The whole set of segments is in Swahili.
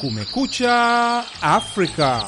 Kumekucha Afrika.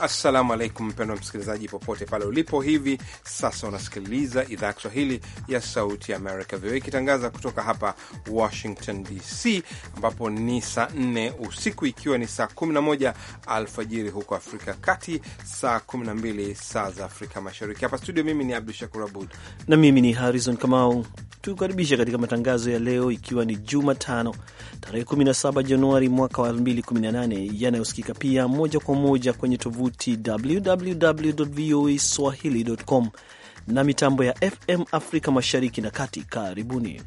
Assalamu alaikum, mpendwa msikilizaji, popote pale ulipo. Hivi sasa unasikiliza idhaa ya Kiswahili ya Sauti ya Amerika, VOA, ikitangaza kutoka hapa Washington DC, ambapo ni saa 4 usiku, ikiwa ni saa 11 alfajiri huko Afrika Kati, saa 12 saa za Afrika Mashariki. Hapa studio, mimi ni Abdu Shakur Abud na mimi ni Harrison Kamau tukukaribisha katika matangazo ya leo, ikiwa ni Jumatano tarehe 17 Januari mwaka wa 2018 yanayosikika pia moja kwa moja kwenye tovuti www voa swahili com na mitambo ya FM Afrika mashariki na kati. Karibuni.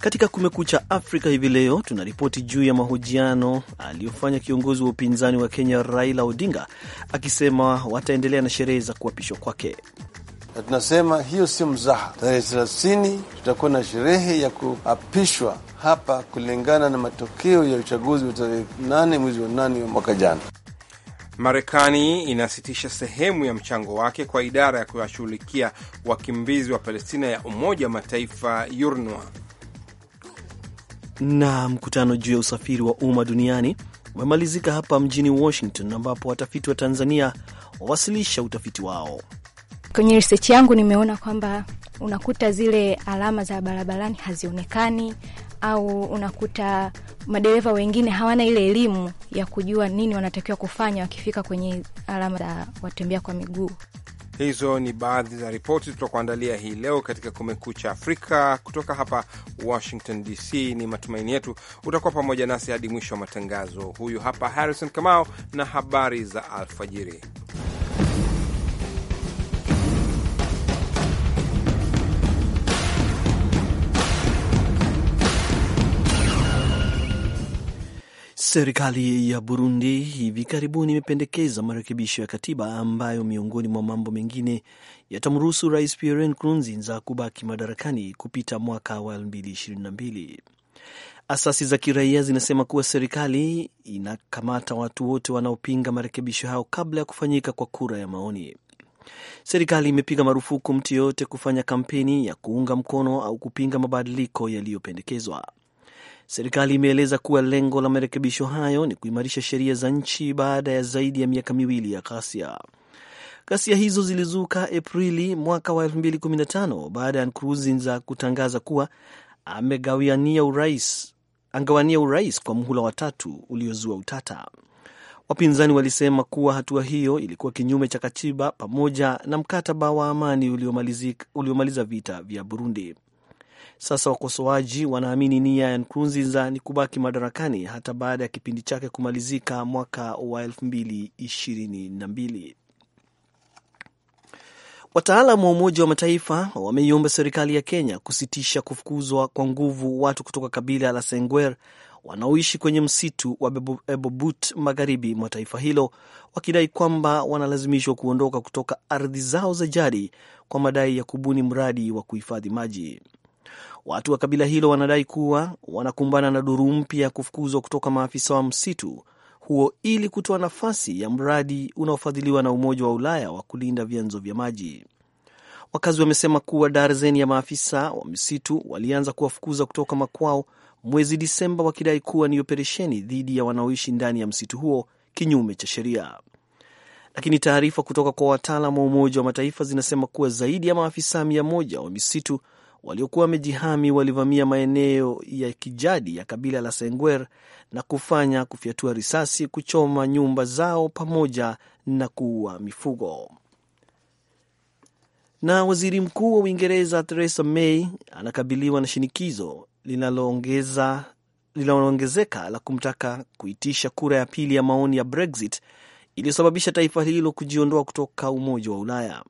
Katika Kumekucha Afrika hivi leo tunaripoti juu ya mahojiano aliyofanya kiongozi wa upinzani wa Kenya Raila Odinga akisema wataendelea na sherehe za kuapishwa kwake. Na tunasema hiyo sio mzaha. Tarehe thelathini tutakuwa na sherehe ya kuapishwa hapa kulingana na matokeo ya uchaguzi wa tarehe nane mwezi wa nane mwaka jana. Marekani inasitisha sehemu ya mchango wake kwa idara ya kuwashughulikia wakimbizi wa Palestina ya Umoja wa Mataifa, UNRWA. Na mkutano juu ya usafiri wa umma duniani umemalizika hapa mjini Washington, ambapo watafiti wa Tanzania wawasilisha utafiti wao. Kwenye research yangu nimeona kwamba unakuta zile alama za barabarani hazionekani au unakuta madereva wengine hawana ile elimu ya kujua nini wanatakiwa kufanya wakifika kwenye alama za watembea kwa miguu. Hizo ni baadhi za ripoti tutakuandalia hii leo katika Kumekucha Afrika kutoka hapa Washington DC. Ni matumaini yetu utakuwa pamoja nasi hadi mwisho wa matangazo. Huyu hapa Harrison Kamao na habari za alfajiri. Serikali ya Burundi hivi karibuni imependekeza marekebisho ya katiba ambayo miongoni mwa mambo mengine yatamruhusu Rais Pierre Nkurunziza kubaki madarakani kupita mwaka wa 2022. Asasi za kiraia zinasema kuwa serikali inakamata watu wote wanaopinga marekebisho hayo kabla ya kufanyika kwa kura ya maoni. Serikali imepiga marufuku mtu yoyote kufanya kampeni ya kuunga mkono au kupinga mabadiliko yaliyopendekezwa. Serikali imeeleza kuwa lengo la marekebisho hayo ni kuimarisha sheria za nchi baada ya zaidi ya miaka miwili ya ghasia. Ghasia hizo zilizuka Aprili mwaka wa 2015 baada ya Nkurunziza kutangaza kuwa amegawania urais, angawania urais kwa mhula watatu uliozua utata. Wapinzani walisema kuwa hatua hiyo ilikuwa kinyume cha katiba pamoja na mkataba wa amani uliomaliza vita vya Burundi. Sasa wakosoaji wanaamini nia ya Nkurunziza ni kubaki madarakani hata baada ya kipindi chake kumalizika mwaka wa mbili wataalam wa Umoja wa Mataifa wameiomba serikali ya Kenya kusitisha kufukuzwa kwa nguvu watu kutoka kabila la Sengwer wanaoishi kwenye msitu wa Ebobut magharibi mwa taifa hilo, wakidai kwamba wanalazimishwa kuondoka kutoka ardhi zao za jadi kwa madai ya kubuni mradi wa kuhifadhi maji. Watu wa kabila hilo wanadai kuwa wanakumbana na duru mpya ya kufukuzwa kutoka maafisa wa msitu huo ili kutoa nafasi ya mradi unaofadhiliwa na Umoja wa Ulaya wa kulinda vyanzo vya maji. Wakazi wamesema kuwa darzeni ya maafisa wa misitu walianza kuwafukuza kutoka makwao mwezi Disemba, wakidai kuwa ni operesheni dhidi ya wanaoishi ndani ya msitu huo kinyume cha sheria. Lakini taarifa kutoka kwa wataalam wa Umoja wa Mataifa zinasema kuwa zaidi ya maafisa mia moja wa misitu waliokuwa wamejihami walivamia maeneo ya kijadi ya kabila la Sengwer na kufanya kufyatua risasi, kuchoma nyumba zao pamoja na kuua mifugo. Na waziri mkuu wa Uingereza Theresa May anakabiliwa na shinikizo linaloongezeka la kumtaka kuitisha kura ya pili ya maoni ya Brexit iliyosababisha taifa hilo kujiondoa kutoka Umoja wa Ulaya.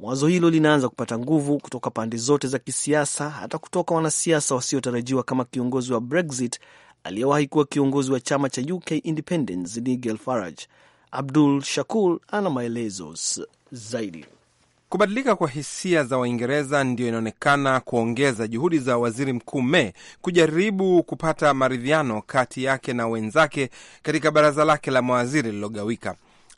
Wazo hilo linaanza kupata nguvu kutoka pande zote za kisiasa, hata kutoka wanasiasa wasiotarajiwa kama kiongozi wa Brexit aliyewahi kuwa kiongozi wa chama cha UK Independence Nigel Farage. Abdul Shakur ana maelezo zaidi. Kubadilika kwa hisia za Waingereza ndiyo inaonekana kuongeza juhudi za waziri mkuu May kujaribu kupata maridhiano kati yake na wenzake katika baraza lake la mawaziri lililogawika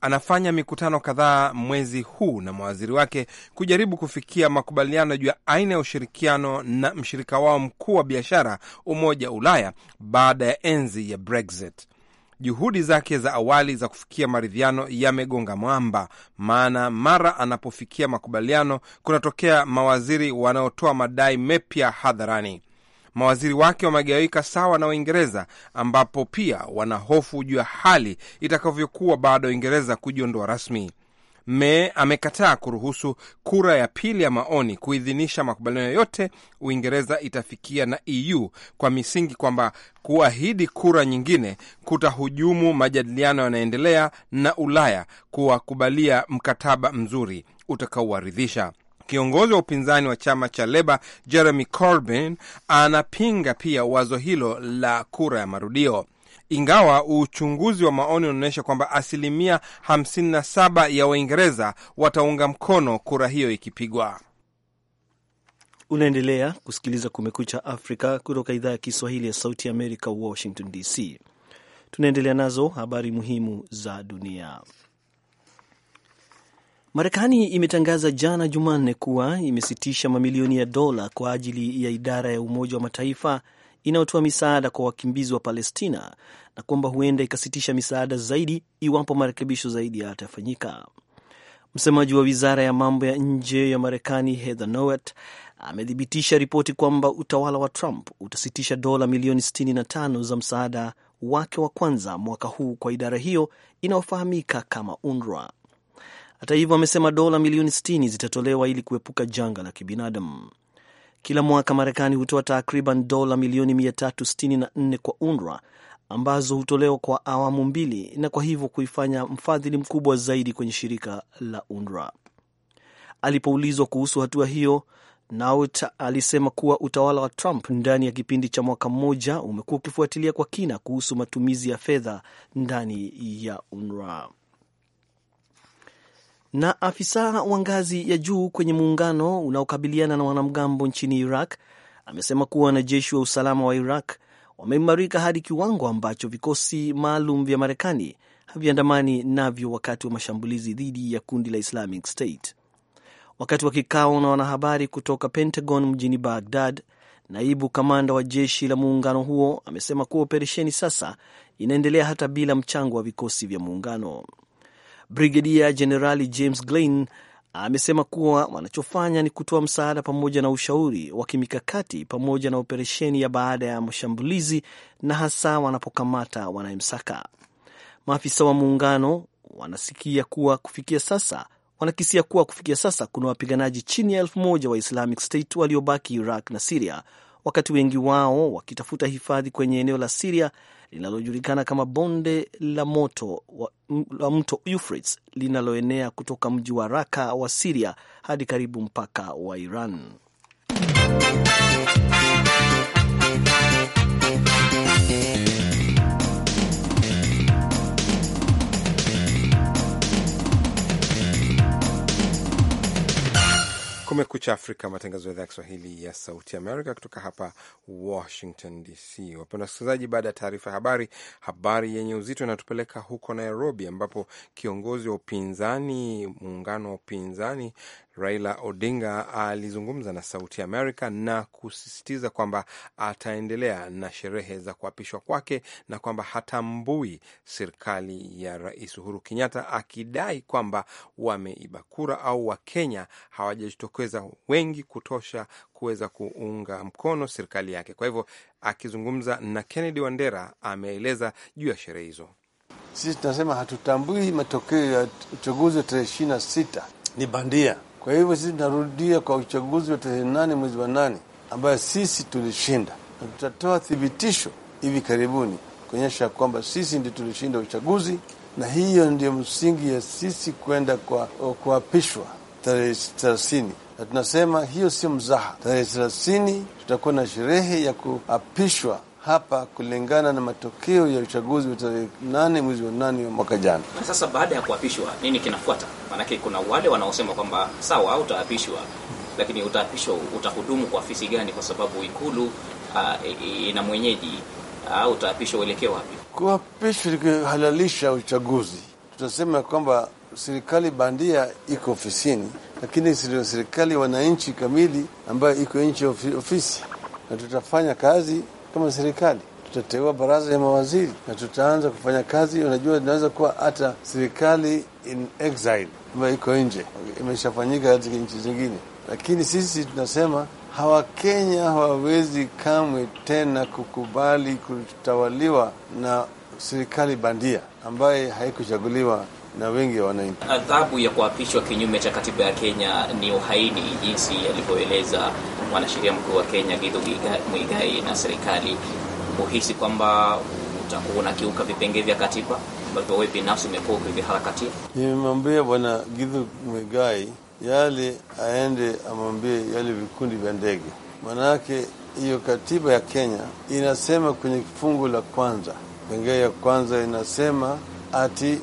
anafanya mikutano kadhaa mwezi huu na mawaziri wake kujaribu kufikia makubaliano juu ya aina ya ushirikiano na mshirika wao mkuu wa biashara, Umoja wa Ulaya, baada ya enzi ya Brexit. Juhudi zake za awali za kufikia maridhiano yamegonga mwamba, maana mara anapofikia makubaliano kunatokea mawaziri wanaotoa madai mepya hadharani mawaziri wake wamegawika sawa na waingereza ambapo pia wanahofu juu ya hali itakavyokuwa baada ya Uingereza kujiondoa rasmi. May amekataa kuruhusu kura ya pili ya maoni kuidhinisha makubaliano yoyote Uingereza itafikia na EU kwa misingi kwamba kuahidi kura nyingine kutahujumu majadiliano yanayoendelea na Ulaya kuwakubalia mkataba mzuri utakaowaridhisha. Kiongozi wa upinzani wa chama cha Leba Jeremy Corbyn anapinga pia wazo hilo la kura ya marudio, ingawa uchunguzi wa maoni unaonyesha kwamba asilimia 57 ya Waingereza wataunga mkono kura hiyo ikipigwa. Unaendelea kusikiliza Kumekucha Afrika kutoka idhaa ya Kiswahili ya Sauti ya Amerika, Washington DC. Tunaendelea nazo habari muhimu za dunia. Marekani imetangaza jana Jumanne kuwa imesitisha mamilioni ya dola kwa ajili ya idara ya Umoja wa Mataifa inayotoa misaada kwa wakimbizi wa Palestina na kwamba huenda ikasitisha misaada zaidi iwapo marekebisho zaidi yatafanyika. Msemaji wa wizara ya mambo ya nje ya Marekani Heather Nauert amethibitisha ripoti kwamba utawala wa Trump utasitisha dola milioni 65 za msaada wake wa kwanza mwaka huu kwa idara hiyo inayofahamika kama UNRWA. Hata hivyo, amesema dola milioni 60 zitatolewa ili kuepuka janga la kibinadamu. Kila mwaka Marekani hutoa takriban dola milioni 364 kwa UNRWA ambazo hutolewa kwa awamu mbili na kwa hivyo kuifanya mfadhili mkubwa zaidi kwenye shirika la UNRWA. Alipoulizwa kuhusu hatua hiyo, Naut alisema kuwa utawala wa Trump ndani ya kipindi cha mwaka mmoja umekuwa ukifuatilia kwa kina kuhusu matumizi ya fedha ndani ya UNRWA. Na afisa wa ngazi ya juu kwenye muungano unaokabiliana na wanamgambo nchini Iraq amesema kuwa wanajeshi wa usalama wa Iraq wameimarika hadi kiwango ambacho vikosi maalum vya Marekani haviandamani navyo wakati wa mashambulizi dhidi ya kundi la Islamic State. Wakati wa kikao na wanahabari kutoka Pentagon mjini Baghdad, naibu kamanda wa jeshi la muungano huo amesema kuwa operesheni sasa inaendelea hata bila mchango wa vikosi vya muungano. Brigedia Jenerali James Glein amesema kuwa wanachofanya ni kutoa msaada pamoja na ushauri wa kimikakati pamoja na operesheni ya baada ya mashambulizi na hasa wanapokamata wanayemsaka. Maafisa wa muungano wanasikia kuwa kufikia sasa wanakisia kuwa kufikia sasa kuna wapiganaji chini ya elfu moja wa Islamic State waliobaki Iraq na Siria, wakati wengi wao wakitafuta hifadhi kwenye eneo la Siria linalojulikana kama bonde la moto wa, la mto Euphrates linaloenea kutoka mji wa Raka wa Siria hadi karibu mpaka wa Iran. Kumekucha Afrika, matangazo ya idhaa ya Kiswahili ya Sauti Amerika kutoka hapa Washington DC. Wapenda wasikilizaji, baada ya taarifa ya habari, habari yenye uzito inatupeleka huko Nairobi, ambapo kiongozi wa upinzani, muungano wa upinzani Raila Odinga alizungumza na Sauti Amerika na kusisitiza kwamba ataendelea na sherehe za kuapishwa kwake na kwamba hatambui serikali ya Rais Uhuru Kenyatta, akidai kwamba wameiba kura au Wakenya hawajajitokeza wengi kutosha kuweza kuunga mkono serikali yake. Kwa hivyo, akizungumza na Kennedy Wandera, ameeleza juu ya sherehe hizo. Sisi tunasema hatutambui matokeo ya uchaguzi wa tarehe ishirini na sita ni bandia kwa hivyo sisi tunarudia kwa uchaguzi wa tarehe nane mwezi wa nane ambayo sisi tulishinda, na tutatoa thibitisho hivi karibuni kuonyesha kwamba sisi ndio tulishinda uchaguzi, na hiyo ndiyo msingi ya sisi kwenda kwa kuapishwa tarehe thelathini na tunasema hiyo sio mzaha. Tarehe thelathini tutakuwa na sherehe ya kuapishwa hapa kulingana na matokeo ya uchaguzi wa tarehe nane mwezi wa nane wa mwaka jana. Na sasa baada ya kuapishwa, nini kinafuata? Maanake kuna wale wanaosema kwamba sawa, utaapishwa, lakini utaapishwa, utahudumu kwa afisi gani? Kwa sababu Ikulu ah, ina mwenyeji ah, utaapishwa uelekee wapi? Kuapishwa kuhalalisha uchaguzi, tunasema kwamba serikali bandia iko ofisini, lakini sio serikali wananchi kamili ambayo iko nchi ya ofisi, na tutafanya kazi kama serikali tutateua baraza ya mawaziri na tutaanza kufanya kazi. Unajua, inaweza kuwa hata serikali in exile ambayo iko nje imeshafanyika katika nchi zingine, lakini sisi tunasema hawakenya hawawezi kamwe tena kukubali kutawaliwa na serikali bandia ambaye haikuchaguliwa na wengi wa wananchi. Adhabu ya kuapishwa kinyume cha katiba ya Kenya ni uhaini, jinsi alivyoeleza mwanasheria mkuu wa Kenya Githu Muigai na serikali, huhisi kwamba utakuwa unakiuka vipengee vya katiba ambavyo wewe binafsi umekuwa ukiviharakatia? Nimemwambia bwana Githu Muigai yale aende amwambie yale vikundi vya ndege, manake hiyo katiba ya Kenya inasema kwenye kifungu la kwanza pengee ya kwanza inasema ati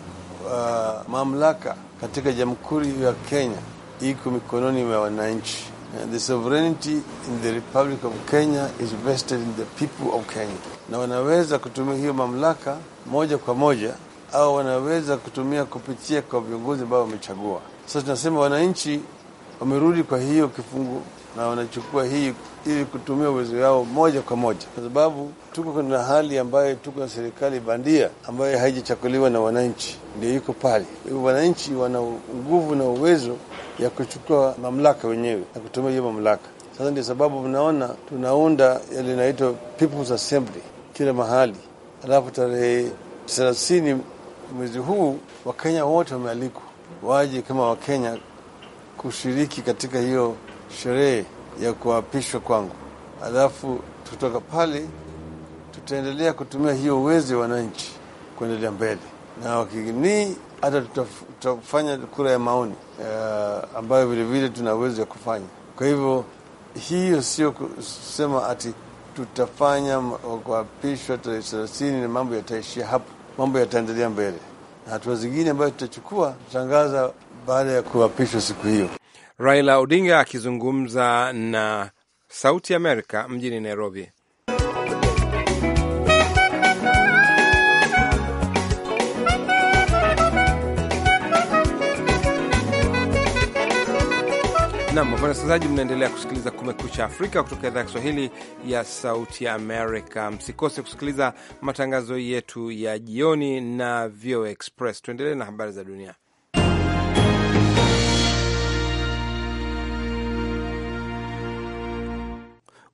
uh, mamlaka katika jamhuri ya Kenya iko mikononi mwa wananchi And the sovereignty in the Republic of Kenya is vested in the people of Kenya. Na wanaweza kutumia hiyo mamlaka moja kwa moja au wanaweza kutumia kupitia kwa viongozi ambao wamechagua. Sasa tunasema wananchi wamerudi kwa hiyo kifungo na wanachukua hii ili kutumia uwezo wao moja kwa moja, kwa sababu tuko na hali ambayo tuko na serikali bandia ambayo haijachakuliwa na wananchi, ndio iko pale. Hivyo wananchi wana nguvu na uwezo ya kuchukua mamlaka wenyewe na kutumia hiyo mamlaka. Sasa ndio sababu mnaona tunaunda yale inaitwa People's Assembly kila mahali, alafu tarehe thelathini mwezi huu Wakenya wote wamealikwa waje kama Wakenya kushiriki katika hiyo sherehe ya kuapishwa kwangu. Alafu tutoka pale tutaendelea kutumia hiyo uwezo ya wananchi kuendelea mbele, na wakini hata tutafanya kura ya maoni uh, ambayo vilevile tuna uwezo ya kufanya. Kwa hivyo hiyo sio kusema ati tutafanya kuapishwa tarehe thelathini na mambo yataishia hapo. Mambo yataendelea mbele na hatua zingine ambayo tutachukua, tutangaza baada ya kuapishwa siku hiyo. Raila Odinga akizungumza na Sauti Amerika mjini Nairobi. Nam, wasikilizaji, mnaendelea kusikiliza Kumekucha Afrika kutoka idhaa ya Kiswahili ya Sauti ya Amerika. Msikose kusikiliza matangazo yetu ya jioni na VOA Express. Tuendelee na habari za dunia.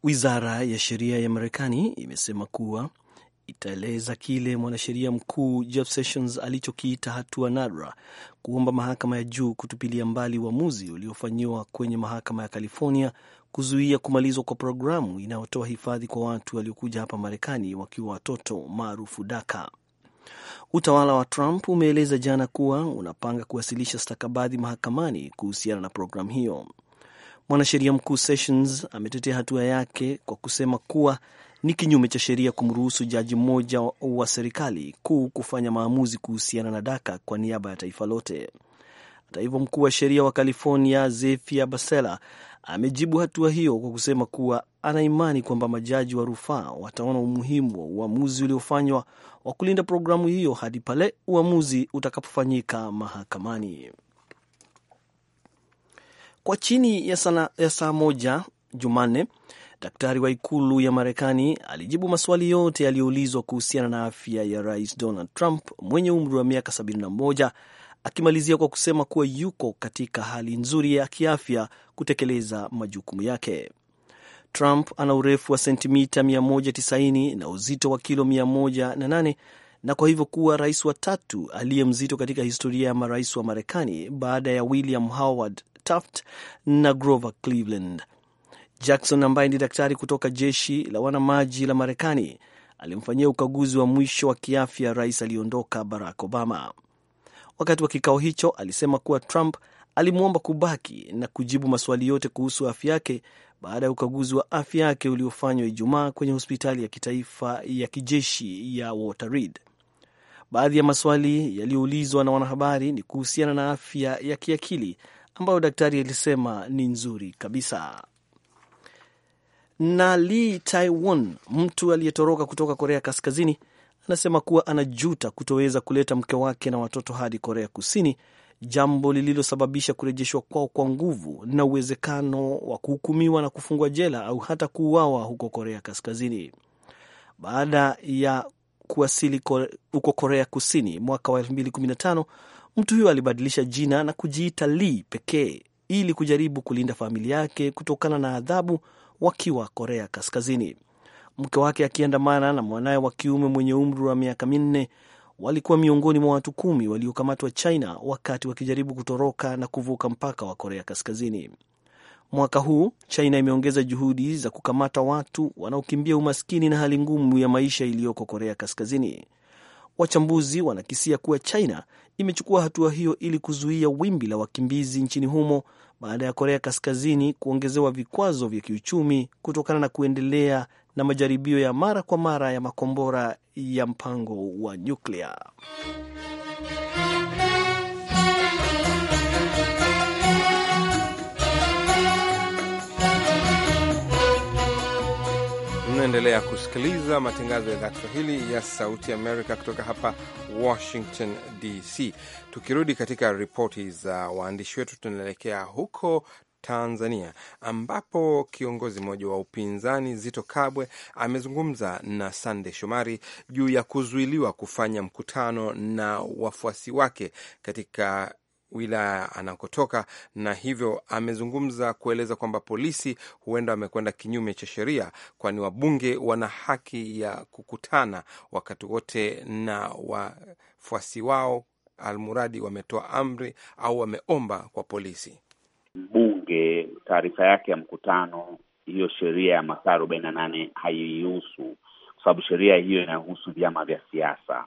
Wizara ya sheria ya Marekani imesema kuwa itaeleza kile mwanasheria mkuu Jeff Sessions alichokiita hatua nadra kuomba mahakama ya juu kutupilia mbali uamuzi uliofanyiwa kwenye mahakama ya California kuzuia kumalizwa kwa programu inayotoa hifadhi kwa watu waliokuja hapa Marekani wakiwa watoto maarufu DACA. Utawala wa Trump umeeleza jana kuwa unapanga kuwasilisha stakabadhi mahakamani kuhusiana na programu hiyo. Mwanasheria mkuu Sessions ametetea hatua yake kwa kusema kuwa ni kinyume cha sheria kumruhusu jaji mmoja wa serikali kuu kufanya maamuzi kuhusiana na daka kwa niaba ya taifa lote. Hata hivyo, mkuu wa sheria wa California Zefia Basela amejibu hatua hiyo kwa kusema kuwa anaimani kwamba majaji wa rufaa wataona umuhimu wa uamuzi uliofanywa wa kulinda programu hiyo hadi pale uamuzi utakapofanyika mahakamani kwa chini ya, sana, ya saa moja Jumanne, daktari wa ikulu ya Marekani alijibu maswali yote yaliyoulizwa kuhusiana na afya ya rais Donald Trump mwenye umri wa miaka 71 akimalizia kwa kusema kuwa yuko katika hali nzuri ya kiafya kutekeleza majukumu yake. Trump ana urefu wa sentimita 190 na uzito wa kilo 108 na kwa hivyo kuwa rais wa tatu aliye mzito katika historia ya marais wa Marekani baada ya William Howard Taft na Grover Cleveland. Jackson ambaye ni daktari kutoka jeshi la wanamaji la Marekani alimfanyia ukaguzi wa mwisho wa kiafya rais aliyeondoka Barack Obama. Wakati wa kikao hicho, alisema kuwa Trump alimwomba kubaki na kujibu maswali yote kuhusu afya yake baada ya ukaguzi wa afya yake uliofanywa Ijumaa kwenye hospitali ya kitaifa ya kijeshi ya Walter Reed. Baadhi ya maswali yaliyoulizwa na wanahabari ni kuhusiana na afya ya kiakili ambayo daktari alisema ni nzuri kabisa. Na Lee Taiwan, mtu aliyetoroka kutoka Korea Kaskazini, anasema kuwa anajuta kutoweza kuleta mke wake na watoto hadi Korea Kusini, jambo lililosababisha kurejeshwa kwao kwa nguvu na uwezekano wa kuhukumiwa na kufungwa jela au hata kuuawa huko Korea Kaskazini. Baada ya kuwasili huko Korea Kusini mwaka wa 2015 Mtu huyo alibadilisha jina na kujiita Lee pekee ili kujaribu kulinda familia yake kutokana na adhabu wakiwa Korea Kaskazini. Mke wake akiandamana na mwanaye wa kiume mwenye umri wa miaka minne walikuwa miongoni mwa watu kumi waliokamatwa China wakati wakijaribu kutoroka na kuvuka mpaka wa Korea Kaskazini. Mwaka huu China imeongeza juhudi za kukamata watu wanaokimbia umaskini na hali ngumu ya maisha iliyoko Korea Kaskazini. Wachambuzi wanakisia kuwa China imechukua hatua hiyo ili kuzuia wimbi la wakimbizi nchini humo baada ya Korea Kaskazini kuongezewa vikwazo vya kiuchumi kutokana na kuendelea na majaribio ya mara kwa mara ya makombora ya mpango wa nyuklia. Unaendelea kusikiliza matangazo ya idhaa Kiswahili ya Sauti Amerika kutoka hapa Washington DC. Tukirudi katika ripoti za waandishi wetu, tunaelekea huko Tanzania ambapo kiongozi mmoja wa upinzani Zito Kabwe amezungumza na Sande Shomari juu ya kuzuiliwa kufanya mkutano na wafuasi wake katika wilaya anakotoka, na hivyo amezungumza kueleza kwamba polisi huenda wamekwenda kinyume cha sheria, kwani wabunge wana haki ya kukutana wakati wote na wafuasi wao, almuradi wametoa amri au wameomba kwa polisi. Mbunge taarifa yake ya mkutano, hiyo sheria ya masaa arobaini na nane haihusu, kwa sababu sheria hiyo inahusu vyama vya siasa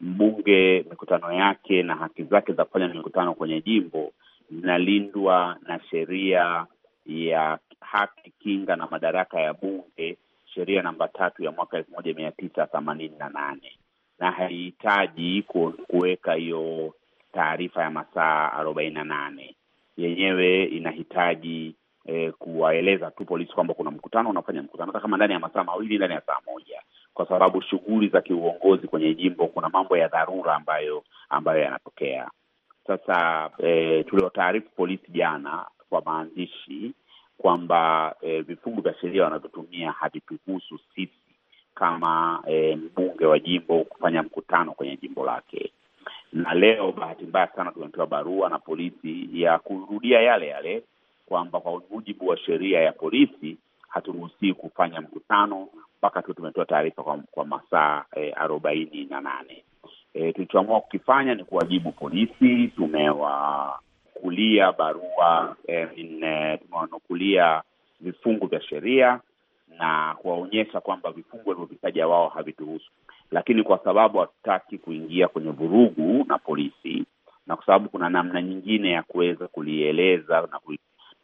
mbunge mikutano yake na haki zake za kufanya mikutano kwenye jimbo zinalindwa na sheria ya haki kinga na madaraka ya bunge, sheria namba tatu ya mwaka elfu moja mia tisa themanini na nane na haihitaji kuweka hiyo taarifa ya masaa arobaini na nane yenyewe inahitaji eh, kuwaeleza tu polisi kwamba kuna mkutano unafanya mkutano, hata kama ndani ya masaa mawili, ndani ya saa moja kwa sababu shughuli za kiuongozi kwenye jimbo, kuna mambo ya dharura ambayo ambayo yanatokea sasa. E, eh, tuliwataarifu polisi jana kwa maandishi kwamba e, vifungu vya sheria wanavyotumia havituhusu sisi kama e, mbunge wa jimbo kufanya mkutano kwenye jimbo lake. Na leo bahati mbaya sana tumepewa barua na polisi ya kurudia yale yale kwamba kwa mujibu wa sheria ya polisi haturuhusii kufanya mkutano mpaka tu tumetoa taarifa kwa, kwa masaa eh, arobaini na nane. E, tulichoamua kukifanya ni kuwajibu polisi. Tumewakulia barua e, tumewanukulia vifungu vya sheria na kuwaonyesha kwamba vifungu walivyovitaja wao havituhusu, lakini kwa sababu hatutaki kuingia kwenye vurugu na polisi na kwa sababu kuna namna nyingine ya kuweza kulieleza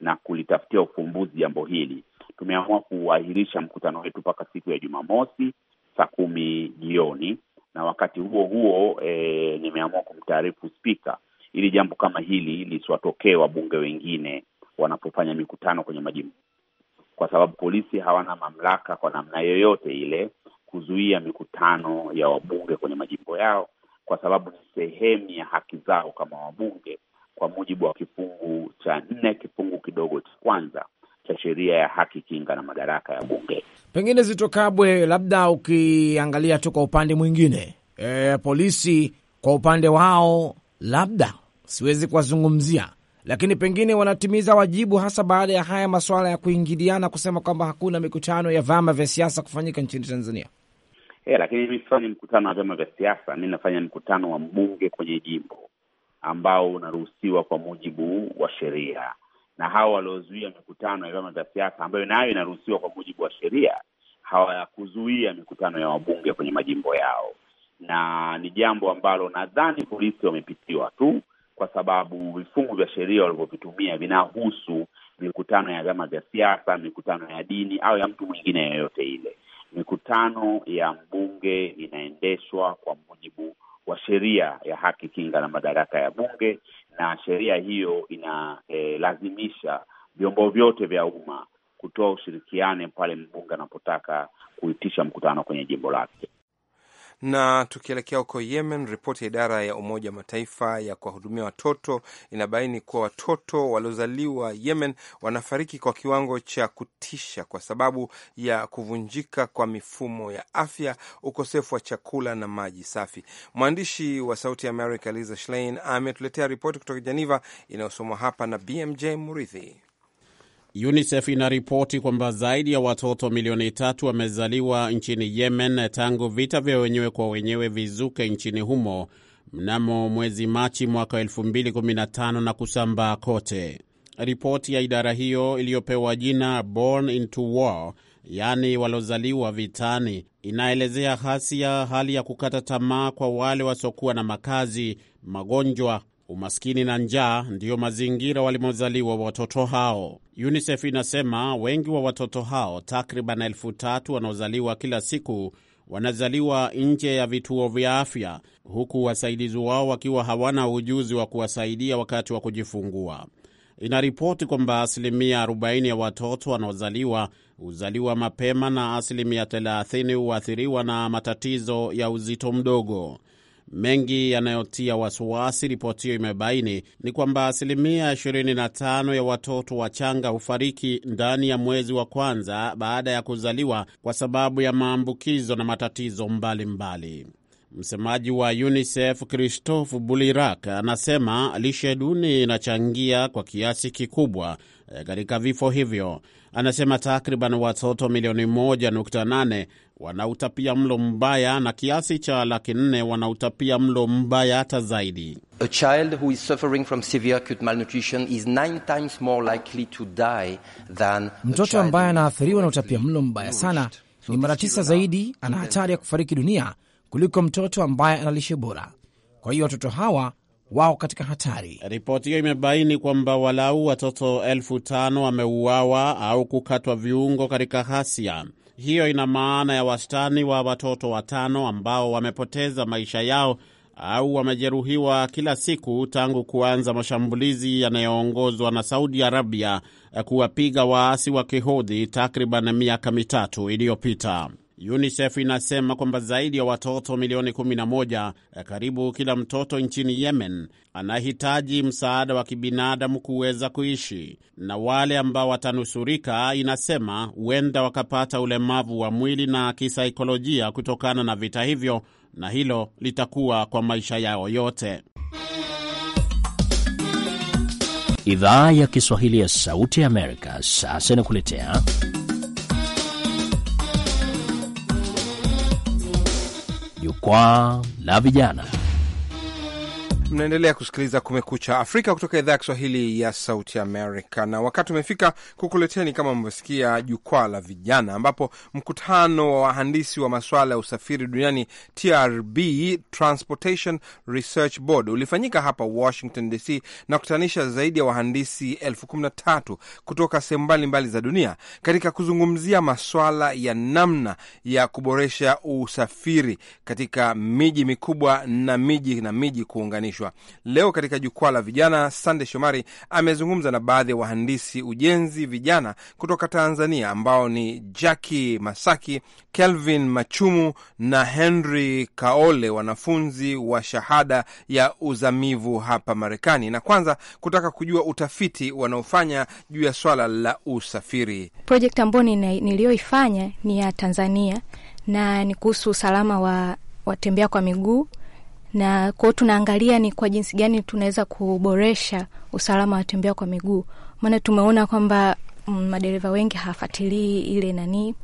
na kulitafutia ufumbuzi jambo hili tumeamua kuahirisha mkutano wetu mpaka siku ya Jumamosi saa kumi jioni, na wakati huo huo e, nimeamua kumtaarifu spika ili jambo kama hili lisiwatokee wabunge wengine wanapofanya mikutano kwenye majimbo, kwa sababu polisi hawana mamlaka kwa namna yoyote ile kuzuia mikutano ya wabunge kwenye majimbo yao, kwa sababu ni sehemu ya haki zao kama wabunge kwa mujibu wa kifungu cha nne kifungu kidogo cha kwanza sheria ya haki kinga na madaraka ya bunge. Pengine zitokabwe Kabwe, labda ukiangalia tu kwa upande mwingine e, polisi kwa upande wao, labda siwezi kuwazungumzia, lakini pengine wanatimiza wajibu, hasa baada ya haya masuala ya kuingiliana, kusema kwamba hakuna mikutano ya vyama vya siasa kufanyika nchini Tanzania. E, lakini mi sifanyi mkutano wa vyama vya siasa, mi nafanya mkutano wa mbunge kwenye jimbo ambao unaruhusiwa kwa mujibu wa sheria na hawa waliozuia mikutano ya vyama vya siasa ambayo nayo inaruhusiwa kwa mujibu wa sheria, hawakuzuia mikutano ya wabunge kwenye majimbo yao, na ni jambo ambalo nadhani polisi wamepitiwa tu, kwa sababu vifungu vya sheria walivyovitumia vinahusu mikutano ya vyama vya siasa, mikutano ya dini au ya mtu mwingine yoyote ile. Mikutano ya mbunge inaendeshwa kwa mujibu wa sheria ya haki, kinga na madaraka ya bunge na sheria hiyo inalazimisha eh, e, vyombo vyote vya umma kutoa ushirikiane pale mbunge anapotaka kuitisha mkutano kwenye jimbo lake. Na tukielekea huko Yemen, ripoti ya idara ya Umoja wa Mataifa ya kuwahudumia watoto inabaini kuwa watoto waliozaliwa Yemen wanafariki kwa kiwango cha kutisha kwa sababu ya kuvunjika kwa mifumo ya afya, ukosefu wa chakula na maji safi. Mwandishi wa Sauti ya America Lisa Schlein ametuletea ripoti kutoka Geneva inayosomwa hapa na BMJ Murithi. UNICEF inaripoti kwamba zaidi ya watoto milioni tatu wamezaliwa nchini Yemen tangu vita vya wenyewe kwa wenyewe vizuke nchini humo mnamo mwezi Machi mwaka 2015 na kusambaa kote. Ripoti ya idara hiyo iliyopewa jina Born into War, yaani walozaliwa vitani, inaelezea hasia, hali ya kukata tamaa kwa wale wasiokuwa na makazi, magonjwa umaskini na njaa ndiyo mazingira walimozaliwa watoto hao. UNICEF inasema wengi wa watoto hao takriban elfu tatu wanaozaliwa kila siku wanazaliwa nje ya vituo vya afya, huku wasaidizi wao wakiwa hawana ujuzi wa kuwasaidia wakati wa kujifungua. Inaripoti kwamba asilimia 40 ya watoto wanaozaliwa huzaliwa mapema na asilimia 30 huathiriwa na matatizo ya uzito mdogo. Mengi yanayotia wasiwasi, ripoti hiyo imebaini ni kwamba asilimia 25 ya watoto wachanga hufariki ndani ya mwezi wa kwanza baada ya kuzaliwa kwa sababu ya maambukizo na matatizo mbalimbali mbali. Msemaji wa UNICEF Christophe Bulirak anasema lishe duni inachangia kwa kiasi kikubwa Eh, katika vifo hivyo. Anasema takriban watoto milioni 1.8 wanautapia mlo mbaya na kiasi cha laki nne wanautapia mlo mbaya hata zaidi. A child who is suffering from severe acute malnutrition is nine times more likely to die than mtoto ambaye anaathiriwa na utapia mlo mbaya sana ni mara tisa zaidi ana hatari ya kufariki dunia kuliko mtoto ambaye ana lishe bora. Kwa hiyo watoto hawa wao katika hatari. Ripoti hiyo imebaini kwamba walau watoto elfu tano wameuawa au kukatwa viungo katika ghasia. Hiyo ina maana ya wastani wa watoto watano ambao wamepoteza maisha yao au wamejeruhiwa kila siku tangu kuanza mashambulizi yanayoongozwa na Saudi Arabia kuwapiga waasi wa Kihodhi takriban miaka mitatu iliyopita. UNICEF inasema kwamba zaidi ya watoto milioni 11, eh, karibu kila mtoto nchini Yemen, anahitaji msaada wa kibinadamu kuweza kuishi, na wale ambao watanusurika, inasema huenda wakapata ulemavu wa mwili na kisaikolojia kutokana na vita hivyo, na hilo litakuwa kwa maisha yao yote. Idhaa ya Kiswahili ya Sauti ya Amerika sasa inakuletea Jukwaa la Vijana. Mnaendelea kusikiliza Kumekucha Afrika kutoka idhaa ya Kiswahili ya Sauti Amerika, na wakati umefika kukuleteni, kama mmevyosikia jukwaa la vijana, ambapo mkutano wa wahandisi wa masuala ya usafiri duniani TRB, Transportation Research Board, ulifanyika hapa Washington DC na kukutanisha zaidi ya wahandisi elfu kumi na tatu kutoka sehemu mbalimbali za dunia katika kuzungumzia maswala ya namna ya kuboresha usafiri katika miji mikubwa na miji na miji kuunganishwa kuhamishwa. Leo katika jukwaa la vijana, Sande Shomari amezungumza na baadhi ya wahandisi ujenzi vijana kutoka Tanzania ambao ni Jaki Masaki, Kelvin Machumu na Henry Kaole, wanafunzi wa shahada ya uzamivu hapa Marekani, na kwanza kutaka kujua utafiti wanaofanya juu ya swala la usafiri. Projekt ambayo niliyoifanya ni ya Tanzania na ni kuhusu usalama wa watembea kwa miguu na kwao tunaangalia ni kwa jinsi gani tunaweza kuboresha usalama wa watembea kwa miguu, maana tumeona kwamba mm, madereva wengi hawafuatilii ile nani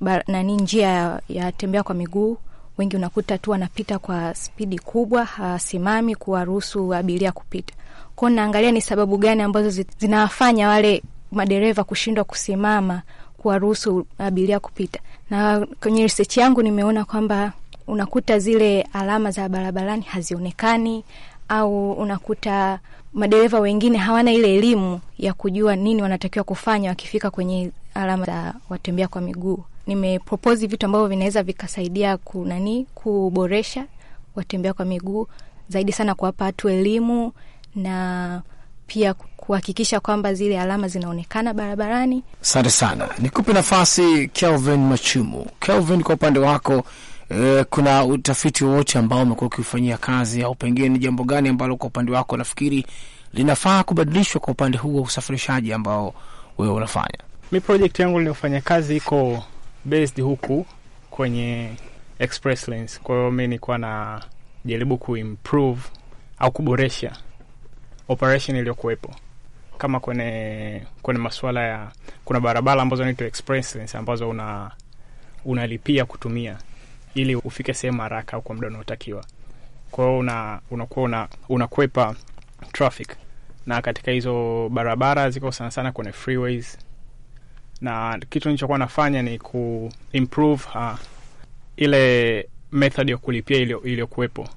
ba, nani njia ya, watembea tembea kwa miguu. Wengi unakuta tu wanapita kwa spidi kubwa, hawasimami kuwaruhusu abiria kupita. Kwao naangalia ni sababu gani ambazo zinawafanya wale madereva kushindwa kusimama kuwaruhusu abiria kupita, na kwenye research yangu nimeona kwamba unakuta zile alama za barabarani hazionekani, au unakuta madereva wengine hawana ile elimu ya kujua nini wanatakiwa kufanya wakifika kwenye alama za watembea kwa miguu. Nimeproposi vitu ambavyo vinaweza vikasaidia kunani kuboresha watembea kwa miguu zaidi sana, kuwapa watu elimu na pia kuhakikisha kwamba zile alama zinaonekana barabarani. Asante sana, nikupe nafasi Kelvin Machumu. Kelvin, kwa upande wako Eh, kuna utafiti wowote ambao umekuwa ukiufanyia kazi au pengine ni jambo gani ambalo kwa upande wako nafikiri linafaa kubadilishwa kwa upande huu wa usafirishaji ambao wewe unafanya? Mi project yangu niliyofanya kazi iko based huku kwenye express lanes, kwa hiyo mi nilikuwa na jaribu kuimprove au kuboresha operation iliyokuwepo kama kwenye kwenye masuala ya kuna barabara ambazo naitwa express lanes ambazo una unalipia kutumia ili ufike sehemu haraka au kwa muda unaotakiwa. Kwa hiyo una, unakuwa una, unakwepa traffic, na katika hizo barabara ziko sana sana kwenye freeways, na kitu nilichokuwa nafanya ni improve uh, ile method ya kulipia iliyokuwepo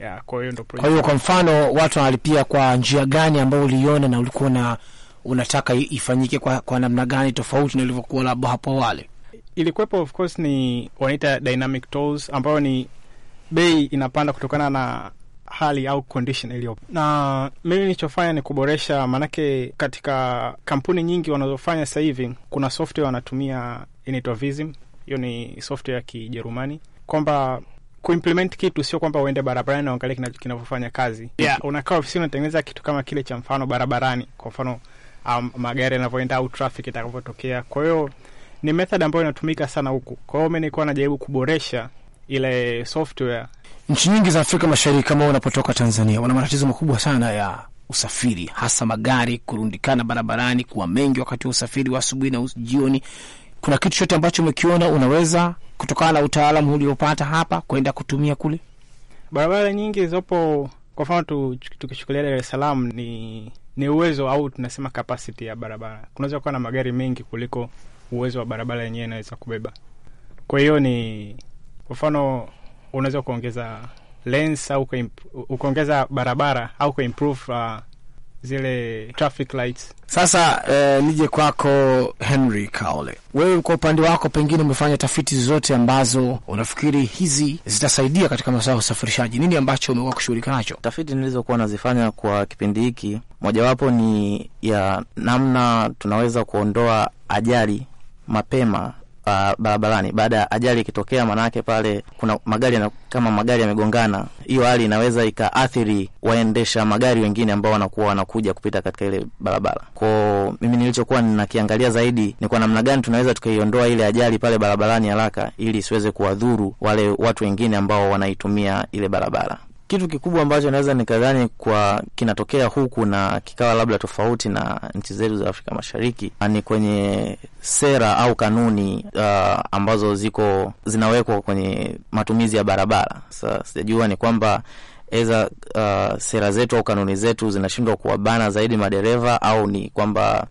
yeah. Kwa hiyo ndo, kwa hiyo kwa mfano watu wanalipia kwa njia gani ambayo uliona na ulikuwa na unataka ifanyike kwa, kwa namna gani tofauti na ilivyokuwa labda hapo wale ilikuwepo of course ni wanaita dynamic tolls, ambayo ni bei inapanda kutokana na hali au condition iliyopo, na mimi nilichofanya ni kuboresha, maanake katika kampuni nyingi wanazofanya sasa hivi kuna software wanatumia inaitwa Vism. Hiyo ni software ya Kijerumani kwamba kuimplement kitu sio kwamba uende barabarani naangalia uangalie kinavyofanya kazi yeah. Unakaa ofisini unatengeneza kitu kama kile cha mfano barabarani, kwa mfano um, magari yanavyoenda au traffic itakavyotokea. Kwa hiyo ni method ambayo inatumika sana huku. Kwa hiyo mi nilikuwa najaribu kuboresha ile software. Nchi nyingi za Afrika Mashariki kama unapotoka Tanzania, wana matatizo makubwa sana ya usafiri, hasa magari kurundikana barabarani kuwa mengi wakati wa usafiri wa asubuhi na jioni. Kuna kitu chote ambacho umekiona unaweza kutokana na utaalamu uliopata hapa kwenda kutumia kule? Barabara nyingi zilizopo, kwa mfano tukichukulia Dar es Salaam, ni ni uwezo au tunasema kapasiti ya barabara. Kunaweza kuwa na magari mengi kuliko uwezo wa barabara yenyewe inaweza kubeba. Kwa hiyo ni kwa mfano, unaweza kuongeza lens au ukaongeza barabara au kuimprove uh, zile traffic lights. Sasa eh, nije kwako Henry Kaole, wewe kwa upande wako pengine umefanya tafiti zozote ambazo unafikiri hizi zitasaidia katika masuala ya usafirishaji? Nini ambacho umekuwa kushughulika nacho? Tafiti nilizokuwa nazifanya kwa kipindi hiki, mojawapo ni ya namna tunaweza kuondoa ajali mapema Uh, barabarani baada ya ajali ikitokea, manaake pale kuna magari na, kama magari yamegongana, hiyo hali inaweza ikaathiri waendesha magari wengine ambao wanakuwa wanakuja kupita katika ile barabara. ko mimi nilichokuwa ninakiangalia zaidi ni kwa namna gani tunaweza tukaiondoa ile ajali pale barabarani haraka, ili isiweze kuwadhuru wale watu wengine ambao wanaitumia ile barabara kitu kikubwa ambacho naweza nikadhani kwa kinatokea huku na kikawa labda tofauti na nchi zetu za Afrika Mashariki ni kwenye sera au kanuni uh, ambazo ziko zinawekwa kwenye matumizi ya barabara. Sasa sijajua ni kwamba eza uh, sera zetu au kanuni zetu zinashindwa kuwabana zaidi madereva au ni kwamba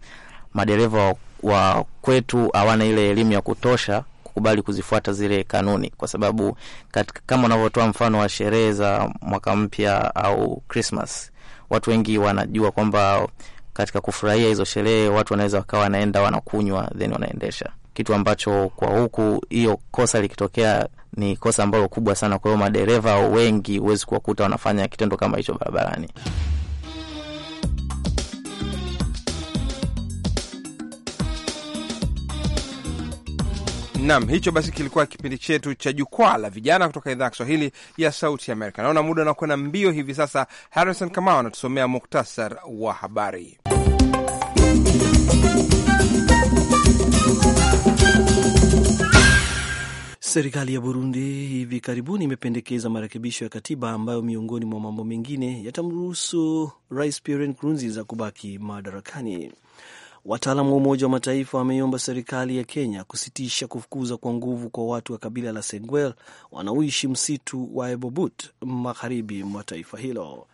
madereva wa kwetu hawana ile elimu ya kutosha kukubali kuzifuata zile kanuni, kwa sababu katika, kama unavyotoa mfano wa sherehe za mwaka mpya au Christmas, watu wengi wanajua kwamba katika kufurahia hizo sherehe watu wanaweza wakawa wanaenda wanakunywa, then wanaendesha kitu ambacho kwa huku hiyo kosa likitokea ni kosa ambalo kubwa sana. Kwa hiyo madereva wengi huwezi kuwakuta wanafanya kitendo kama hicho barabarani. nam hicho basi kilikuwa kipindi chetu cha jukwaa la vijana kutoka idhaa ya Kiswahili ya Sauti Amerika. Naona muda unakwenda mbio hivi sasa. Harrison Kamau anatusomea muktasar wa habari. Serikali ya Burundi hivi karibuni imependekeza marekebisho ya katiba ambayo miongoni mwa mambo mengine yatamruhusu Rais Pierre Nkurunziza kubaki madarakani wataalam wa Umoja wa Mataifa wameiomba serikali ya Kenya kusitisha kufukuza kwa nguvu kwa watu wa kabila la sengwel wanaoishi msitu wa Ebobut magharibi mwa taifa hilo.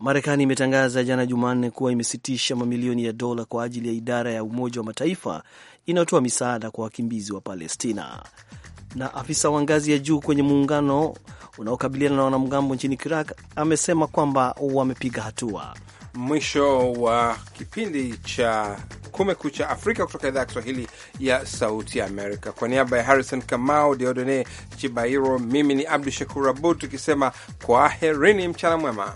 Marekani imetangaza jana Jumanne kuwa imesitisha mamilioni ya dola kwa ajili ya idara ya Umoja wa Mataifa inayotoa misaada kwa wakimbizi wa Palestina. Na afisa wa ngazi ya juu kwenye muungano unaokabiliana na wanamgambo nchini Iraq amesema kwamba wamepiga hatua mwisho wa kipindi cha Kumekucha Afrika kutoka idhaa ya Kiswahili ya Sauti ya Amerika. Kwa niaba ya Harrison Kamau, Deodone Chibairo, mimi ni Abdu Shakur Abud tukisema kwaherini, mchana mwema.